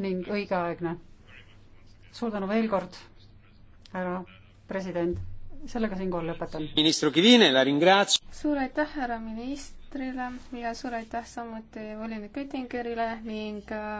ning õigeaegne. suur tänu veel kord, härra president. sellega siinkohal lõpetan. suur aitäh härra ministrile ja suur aitäh samuti volinik Oettingerile ning äh,